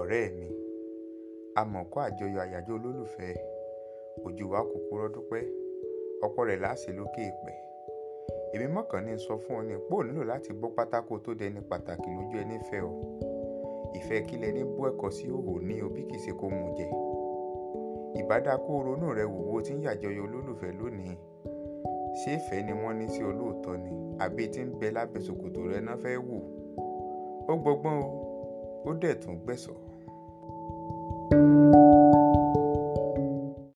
ọ̀rẹ́ mi a mọ̀ kó àjọyọ̀ àyájọ́ olólùfẹ́ ojú wa kò kúrọ́ dúpẹ́ ọ̀pọ̀ rẹ̀ láàṣẹ lókè èpẹ̀ èmi mọ̀kàn ní sọ fún ọ ní pò nílò láti bọ́ pátákó tó dẹni pàtàkì lójú ẹni fẹ́ ọ ìfẹ́ kílẹ̀ ní bú ẹ̀kọ́ sí òhò ní òbí kìí ṣe kó mú jẹ ìbádákó ronú rẹ wò wo tí ń yàjọyọ̀ olólùfẹ́ lónìí ṣé ìfẹ́ ni wọ́n ní sí olóòótọ́ ni àbí tí ń bẹ lábẹ́ ṣòkòtò rẹ náà fẹ́ wò ó gbọgbọ́n o ó dẹ̀ tún gbẹ̀sọ̀